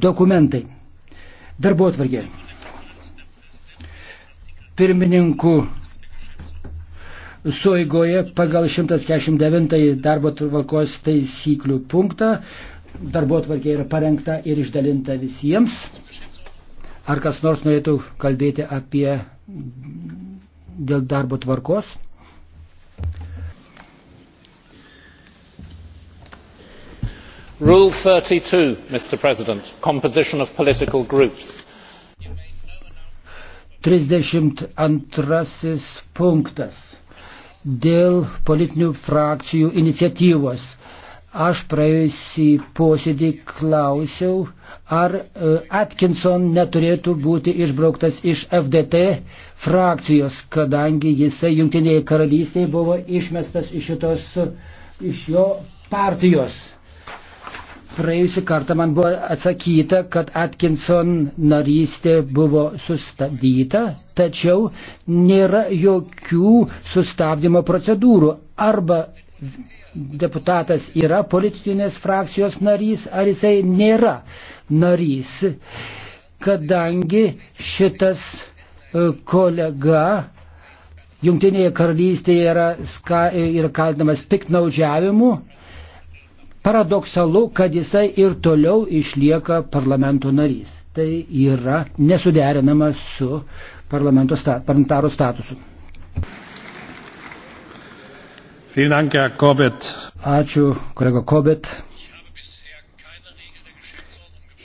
dokumentai. Darbo atvargė. Pirmininkų suigoje pagal 149 darbo tvarkos taisyklių punktą. Darbo atvarkė yra parengta ir išdalinta visiems. Ar kas nors norėtų kalbėti apie dėl darbo tvarkos? rule thirty two mr president composition of political groups trisdešimt antrasis punktas dėl politinių frakcijų iniciatyvos. Aš praėjusį posėdį klausiau, ar e, Atkinson neturėtų būti išbrauktas iš FDT frakcijos, kadangi jisai Junktinėje karalystėje buvo išmestas iš, šitos, iš jo partijos. Praėjusią kartą man buvo atsakyta, kad Atkinson narystė buvo sustabdyta, tačiau nėra jokių sustabdymo procedūrų. Arba deputatas yra politinės frakcijos narys, ar jisai nėra narys, kadangi šitas e, kolega Jungtinėje karalystėje yra, e, yra kaltinamas piknaudžiavimu paradoksalu, kad jisai ir toliau išlieka parlamento narys. Tai yra nesuderinama su parlamento sta, parlamentaro statusu. Ačiū, kolega Kobet.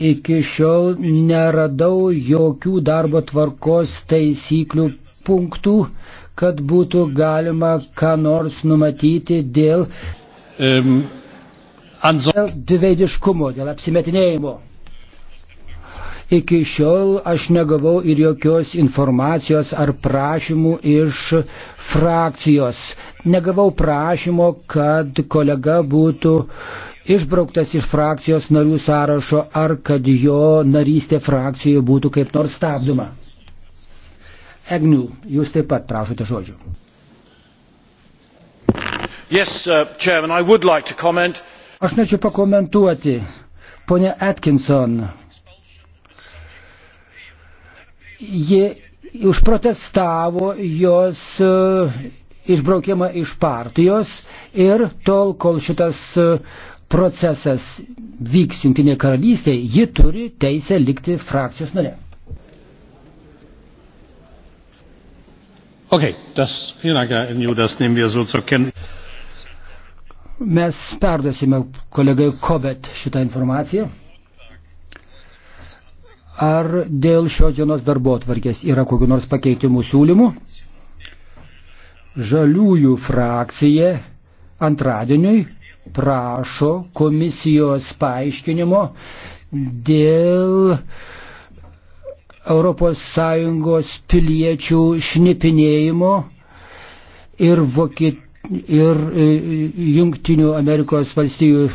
Iki šiol neradau jokių darbo tvarkos taisyklių punktų, kad būtų galima ką nors numatyti dėl. Um. Dėl dviveidiškumo, dėl apsimetinėjimo. Iki šiol aš negavau ir jokios informacijos ar prašymų iš frakcijos. Negavau prašymo, kad kolega būtų išbrauktas iš frakcijos narių sąrašo ar kad jo narystė frakcijoje būtų kaip nors stabdoma. Egnių, jūs taip pat prašote žodžių. Yes, uh, chairman, I would like to comment. Aš norėčiau pakomentuoti. Pone Atkinson, ji užprotestavo jos e, išbraukimą iš partijos ir tol, kol šitas e, procesas vyks Junktinėje karalystėje, ji turi teisę likti frakcijos nare. Okay, das, vielen Dank, Herr Enju, das nehmen wir so zur Kenntnis. Mes perduosime kolegai Kobet šitą informaciją. Ar dėl šios dienos darbo atvarkės yra kokiu nors pakeitimų siūlymų? Žaliųjų frakcija antradieniui prašo komisijos paaiškinimo dėl ES piliečių šnipinėjimo ir Vokietijos ir e, Junktinių Amerikos valstijų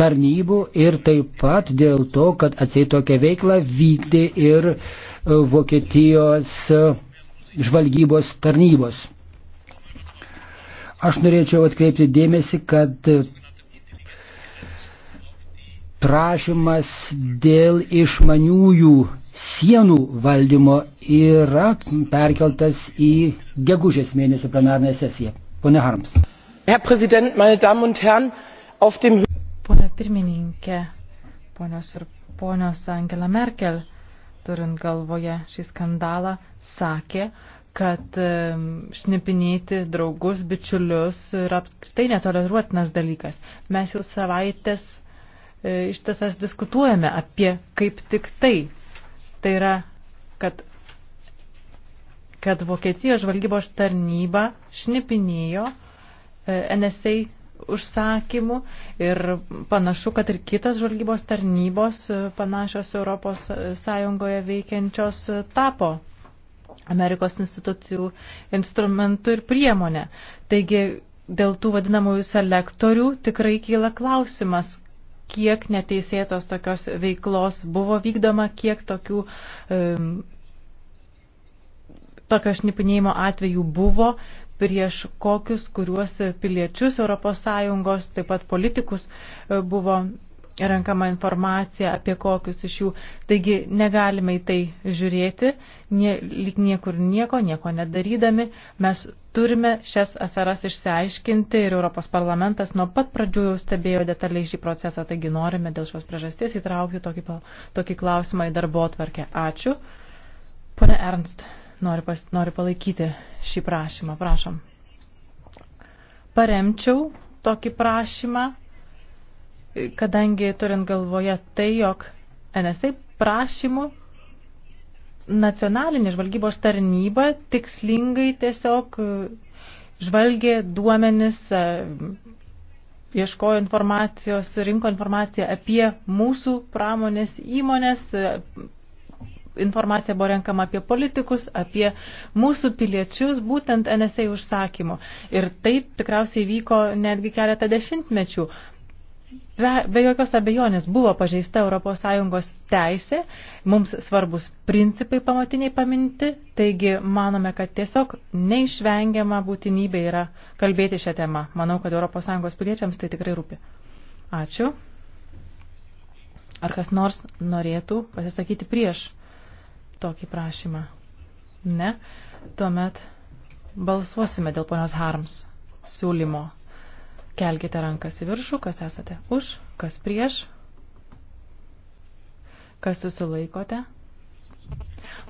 tarnybų ir taip pat dėl to, kad atsiai tokią veiklą vykdė ir e, Vokietijos e, žvalgybos tarnybos. Aš norėčiau atkreipti dėmesį, kad prašymas dėl išmaniųjų sienų valdymo yra perkeltas į gegužės mėnesio plenarinę sesiją. Pone Harms. Herr Präsident, meine Damen und Herren, auf dem. Pone pirmininkė, ponios ir ponios Angela Merkel, turint galvoje šį skandalą, sakė, kad šnipinėti draugus, bičiulius yra apskritai netoleruotinas dalykas. Mes jau savaitės e, ištisas diskutuojame apie kaip tik tai. Tai yra, kad kad Vokietijos žvalgybos tarnyba šnipinėjo e, NSA užsakymų ir panašu, kad ir kitos žvalgybos tarnybos e, panašios Europos e, Sąjungoje veikiančios tapo Amerikos institucijų instrumentu ir priemonė. Taigi dėl tų vadinamųjų selektorių tikrai kyla klausimas, kiek neteisėtos tokios veiklos buvo vykdoma, kiek tokių um, tokio šnipinėjimo atvejų buvo, prieš kokius, kuriuos piliečius ES, taip pat politikus e, buvo renkama informacija apie kokius iš jų. Taigi negalime į tai žiūrėti, nie, lyg niekur nieko, nieko nedarydami. Mes turime šias aferas išsiaiškinti ir Europos parlamentas nuo pat pradžių jau stebėjo detaliai šį procesą, taigi norime dėl šios priežasties įtraukti tokį, tokį klausimą į darbo atvarkę. Ačiū. Pone Ernst nori, pas, nori palaikyti šį prašymą. Prašom. Paremčiau tokį prašymą, kadangi turint galvoje tai, jog NSA prašymų nacionalinė žvalgybos tarnyba tikslingai tiesiog e, žvalgė duomenis, e, ieškojo informacijos, rinko informaciją apie mūsų pramonės įmonės, informacija buvo renkama apie politikus, apie mūsų piliečius, būtent NSA užsakymu. Ir taip tikriausiai vyko netgi keletą dešimtmečių. Be, be jokios abejonės buvo pažeista ES teisė, mums svarbus principai pamatiniai paminti, taigi manome, kad tiesiog neišvengiama būtinybė yra kalbėti šią temą. Manau, kad ES piliečiams tai tikrai rūpi. Ačiū. Ar kas nors norėtų pasisakyti prieš tokį prašymą? Ne. Tuomet balsuosime dėl ponios Harms siūlymo. Kelkite rankas į viršų, kas esate už, kas prieš, kas susilaikote.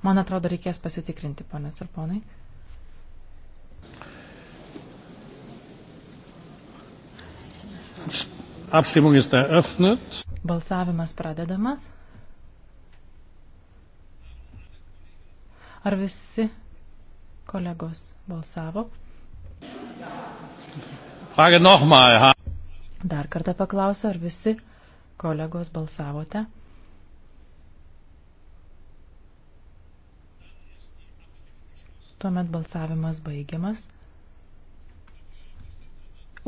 Man atrodo, reikės pasitikrinti, ponios ir ponai. Abstimmung ist eröffnet. Balsavimas pradedamas. Ar visi kolegos balsavo? Frage nochmal. Dar kartą paklausiu, ar visi kolegos balsavote? Tuomet balsavimas baigiamas.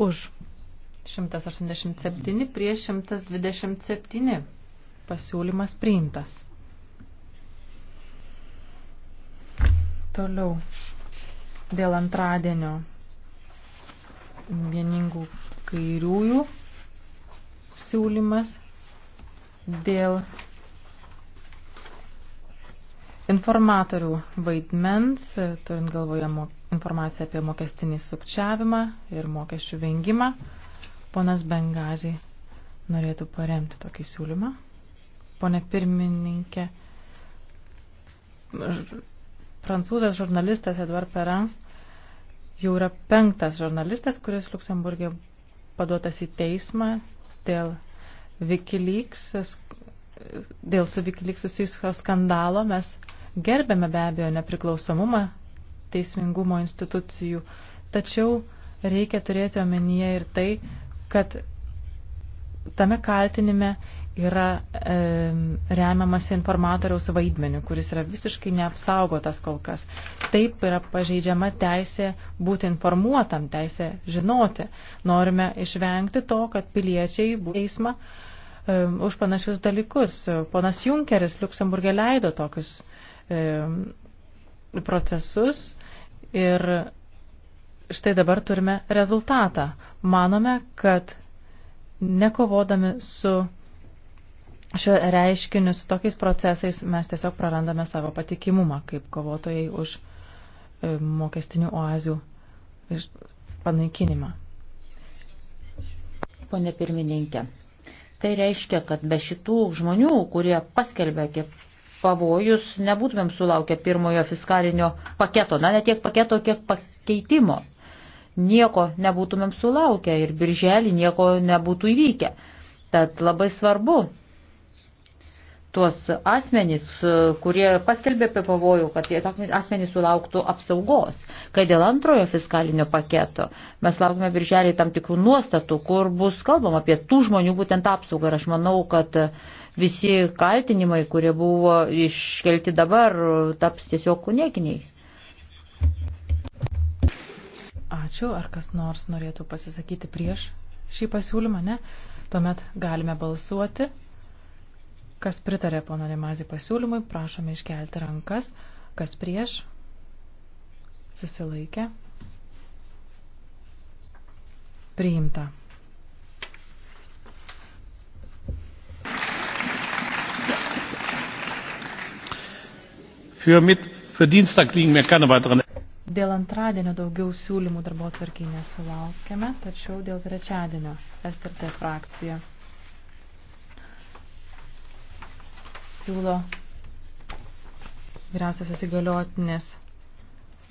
Už 187 prieš 127 pasiūlymas priimtas. Toliau. Dėl antradienio vieningų kairiųjų siūlymas dėl informatorių vaidmens, turint galvoje informaciją apie mokestinį sukčiavimą ir mokesčių vengimą. Ponas Bengazi norėtų paremti tokį siūlymą. Pone pirmininkė, Prancūzas žurnalistas Edward Perrin jau yra penktas žurnalistas, kuris Luksemburgė paduotas į teismą dėl Wikileaks, dėl su Wikileaks susijusio skandalo. Mes gerbėme be abejo nepriklausomumą teismingumo institucijų, tačiau reikia turėti omenyje ir tai, kad tame kaltinime yra e, remiamas informatoriaus vaidmeniu, kuris yra visiškai neapsaugotas kol kas. Taip yra pažeidžiama teisė būti informuotam, teisė žinoti. Norime išvengti to, kad piliečiai būtų teismą e, už panašius dalykus. Ponas Junkeris Luksemburgė leido tokius e, procesus ir štai dabar turime rezultatą. Manome, kad nekovodami su šio reiškiniu, su tokiais procesais mes tiesiog prarandame savo patikimumą kaip kovotojai už e, mokestinių oazių panaikinimą. Pone pirmininkė, tai reiškia, kad be šitų žmonių, kurie paskelbė kaip pavojus, nebūtumėm sulaukę pirmojo fiskalinio paketo, na ne tiek paketo, kiek pakeitimo. Nieko nebūtumėm sulaukę ir birželį nieko nebūtų įvykę. Tad labai svarbu tuos asmenys, kurie paskelbė apie pavojų, kad tie asmenys sulauktų apsaugos. Kai dėl antrojo fiskalinio paketo mes laukime birželį tam tikrų nuostatų, kur bus kalbama apie tų žmonių būtent apsaugą. Ir aš manau, kad visi kaltinimai, kurie buvo iškelti dabar, taps tiesiog niekiniai. Ačiū. Ar kas nors norėtų pasisakyti prieš šį pasiūlymą, ne? Tuomet galime balsuoti. Kas pritarė pono Limazį pasiūlymui, prašome iškelti rankas. Kas prieš? Susilaikė. Priimta. Für, mit, für Dienstag liegen mir keine weiteren. Dėl antradienio daugiau siūlymų darbo tvarkiai nesulaukėme, tačiau dėl trečiadienio SRT frakcija siūlo vyriausiasios įgaliotinės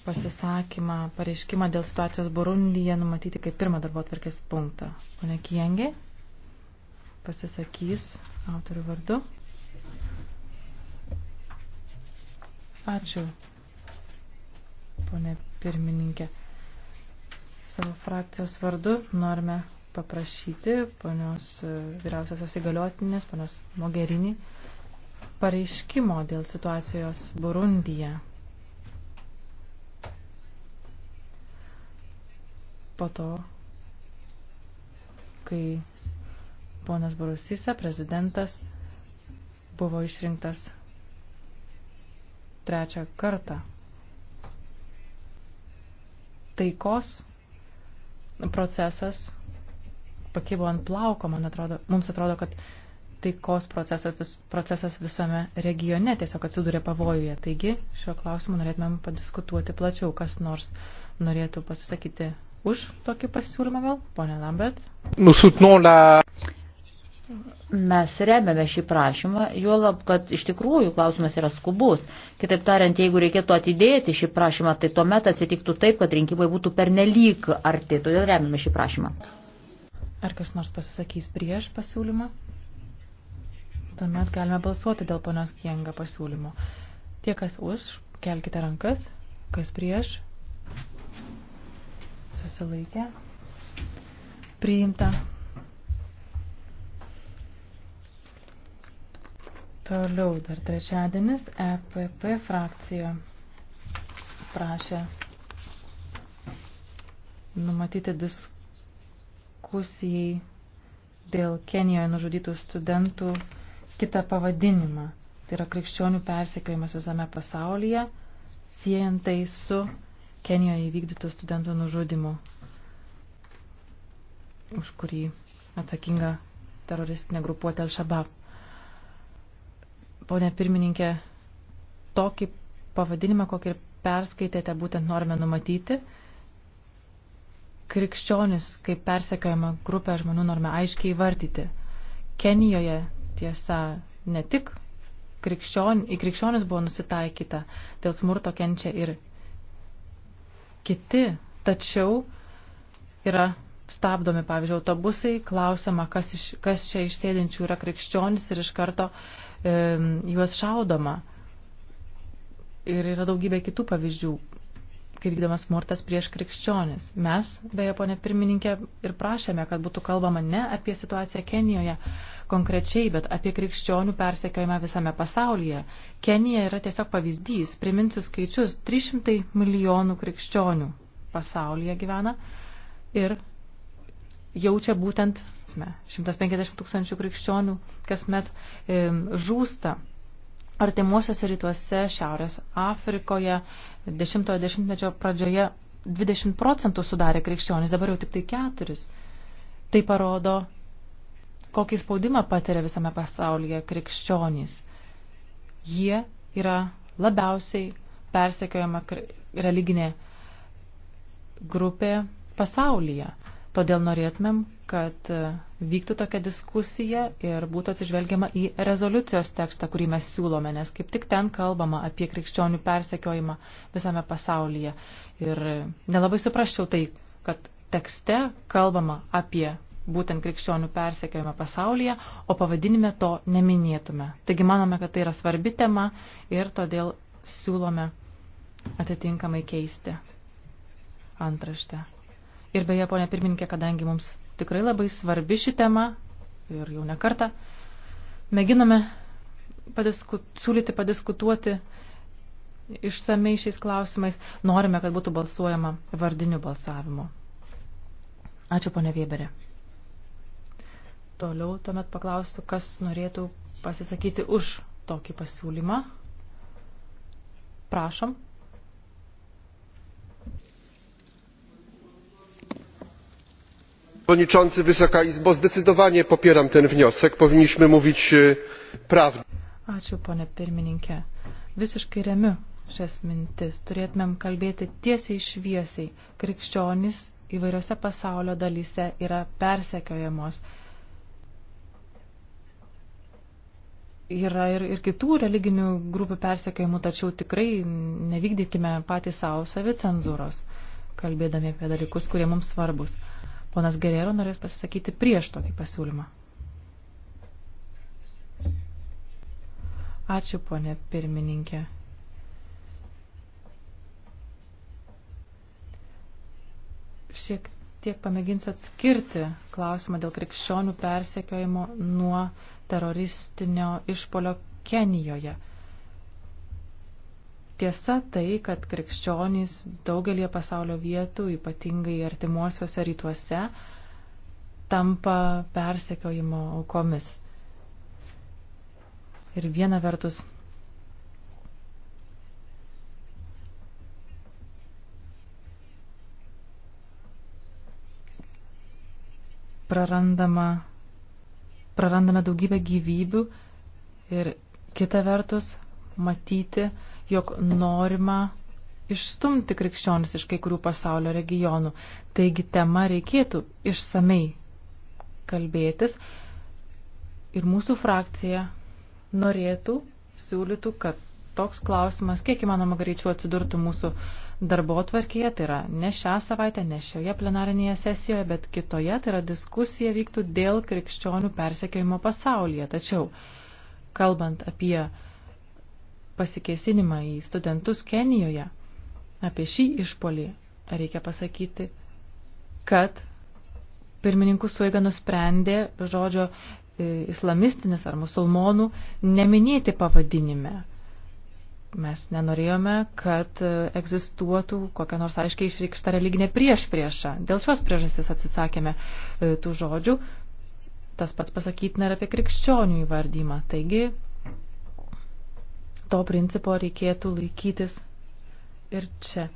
pasisakymą, pareiškimą dėl situacijos Burundyje numatyti kaip pirmą darbo atvarkės punktą. Pone Kiengė pasisakys autorių vardu. Ačiū, pone pirmininkė. Savo frakcijos vardu norime paprašyti ponios vyriausiosios įgaliotinės, ponios Mogerinį, pareiškimo dėl situacijos Burundyje. Po to, kai ponas Borusisa, prezidentas, buvo išrinktas trečią kartą. Taikos procesas pakibo ant plauko, man atrodo, mums atrodo, kad taikos procesas, vis, procesas visame regione tiesiog atsidūrė pavojuje. Taigi šiuo klausimu norėtumėm padiskutuoti plačiau, kas nors norėtų pasisakyti už tokį pasiūlymą gal, ponė Lambert. Mes remiame šį prašymą, juolab, kad iš tikrųjų klausimas yra skubus. Kitaip tariant, jeigu reikėtų atidėti šį prašymą, tai tuomet atsitiktų taip, kad rinkimai būtų pernelyg arti. Todėl remiame šį prašymą. Ar kas nors pasisakys prieš pasiūlymą? Tuomet galime balsuoti dėl ponios Kienga pasiūlymo. Tie, kas už, kelkite rankas, kas prieš, susilaikę, priimta. Toliau dar trečiadienis EPP frakcija prašė numatyti diskusijai dėl Kenijoje nužudytų studentų kitą pavadinimą. Tai yra krikščionių persekiojimas visame pasaulyje, siejant tai su Kenijoje įvykdytų studentų nužudimu, už kurį atsakinga teroristinė grupuotė Al-Shabaab. Pone pirmininkė, tokį pavadinimą, kokį ir perskaitėte, būtent norime numatyti. Krikščionis kaip persekiojama grupė žmonių norime aiškiai vardyti. Kenijoje Tiesa, ne tik krikščion, į krikščionis buvo nusitaikyta, dėl smurto kenčia ir kiti, tačiau yra stabdomi, pavyzdžiui, autobusai, klausiama, kas, iš, kas čia išsėdinčių yra krikščionis ir iš karto e, juos šaudoma. Ir yra daugybė kitų pavyzdžių kai vykdomas smurtas prieš krikščionis. Mes, beje, ponė pirmininkė, ir prašėme, kad būtų kalbama ne apie situaciją Kenijoje konkrečiai, bet apie krikščionių persekiojimą visame pasaulyje. Kenija yra tiesiog pavyzdys, priminsiu skaičius, 300 milijonų krikščionių pasaulyje gyvena ir jaučia būtent 150 tūkstančių krikščionių kasmet žūsta Artimuosiuose rytuose, Šiaurės Afrikoje, 10-ojo dešimtmečio pradžioje 20 procentų sudarė krikščionys, dabar jau tik tai 4. Tai parodo, kokį spaudimą patiria visame pasaulyje krikščionys. Jie yra labiausiai persekiojama religinė grupė pasaulyje. Todėl norėtumėm, kad vyktų tokia diskusija ir būtų atsižvelgiama į rezoliucijos tekstą, kurį mes siūlome, nes kaip tik ten kalbama apie krikščionių persekiojimą visame pasaulyje. Ir nelabai suprasčiau tai, kad tekste kalbama apie būtent krikščionių persekiojimą pasaulyje, o pavadinime to neminėtume. Taigi manome, kad tai yra svarbi tema ir todėl siūlome atitinkamai keisti antraštę. Ir beje, ponė pirmininkė, kadangi mums tikrai labai svarbi ši tema ir jau nekartą mėginame padisku, siūlyti padiskutuoti išsamei šiais klausimais. Norime, kad būtų balsuojama vardiniu balsavimu. Ačiū, ponė Vėberė. Toliau tuomet paklausiu, kas norėtų pasisakyti už tokį pasiūlymą. Prašom. przewodniczący! wysoka izbo! zdecydowanie popieram ten wniosek powinniśmy mówić prawdę. ačiū pone pirmininke visiškai remiu šias mintis turėtumėm kalbėti tiesiai šviesiai krikščionys įvairiose pasaulio dalyse yra persekiojamos yra ir, ir kitų religinių grupių persekiojimų, tačiau tikrai nevykdykime patys savo savicenzūros, kalbėdami apie dalykus, kurie mums svarbus. Ponas Gerero norės pasisakyti prieš tokį pasiūlymą. Ačiū, ponė pirmininkė. Šiek tiek pamėginsiu atskirti klausimą dėl krikščionių persekiojimo nuo teroristinio išpolio Kenijoje. Tiesa tai, kad krikščionys daugelie pasaulio vietų, ypatingai artimuosiuose rytuose, tampa persekiojimo aukomis. Ir viena vertus. Prarandama, prarandame daugybę gyvybių ir kita vertus matyti, jog norima išstumti krikščionis iš kai kurių pasaulio regionų. Taigi tema reikėtų išsamei kalbėtis ir mūsų frakcija norėtų, siūlytų, kad toks klausimas kiek įmanoma greičiau atsidurtų mūsų darbo tvarkėje, tai yra ne šią savaitę, ne šioje plenarinėje sesijoje, bet kitoje, tai yra diskusija vyktų dėl krikščionių persekiojimo pasaulyje. Tačiau, kalbant apie uh, pasikesinimą į studentus Kenijoje, apie šį išpolį reikia pasakyti, kad pirmininkų suėga nusprendė žodžio e, islamistinis ar musulmonų neminėti pavadinime. Mes nenorėjome, kad e, egzistuotų kokia nors aiškiai išrikšta religinė prieš priešą. Dėl šios priežastis atsisakėme e, tų žodžių. Tas pats pasakytina ir apie krikščionių įvardymą. Taigi to principo reikėtų laikytis ir čia.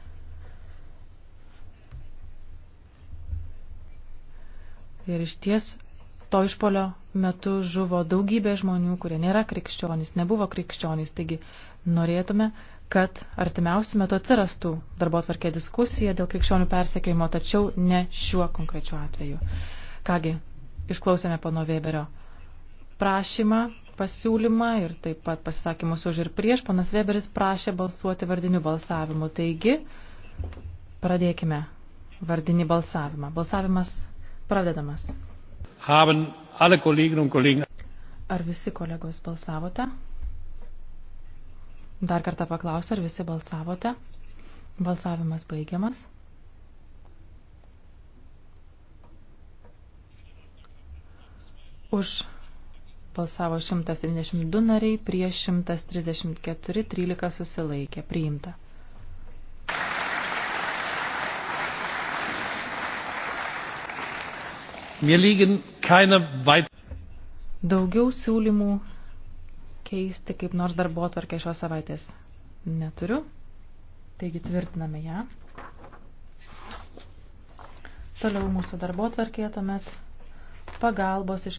Ir iš ties to išpolio metu žuvo daugybė žmonių, kurie nėra krikščionys, nebuvo krikščionys. Taigi norėtume, kad artimiausių metų atsirastų darbo atvarkė diskusija dėl krikščionių persekiojimo, tačiau ne šiuo konkrečiu atveju. Kągi, išklausėme pono Weberio prašymą pasiūlymą ir taip pat pasisakymus už ir prieš. Panas Weberis prašė balsuoti vardiniu balsavimu. Taigi, pradėkime vardinį balsavimą. Balsavimas pradedamas. Haben alle Kolleginnen und Kollegen. Ar visi kolegos balsavote? Dar kartą paklausiu, ar visi balsavote? Balsavimas baigiamas. Už Balsavo 172 nariai, prieš 134, 13 susilaikė. Priimta. Daugiau siūlymų keisti kaip nors darbo atvarkę šios savaitės neturiu. Taigi tvirtiname ją. Toliau mūsų darbo atvarkė tuomet pagalbos iš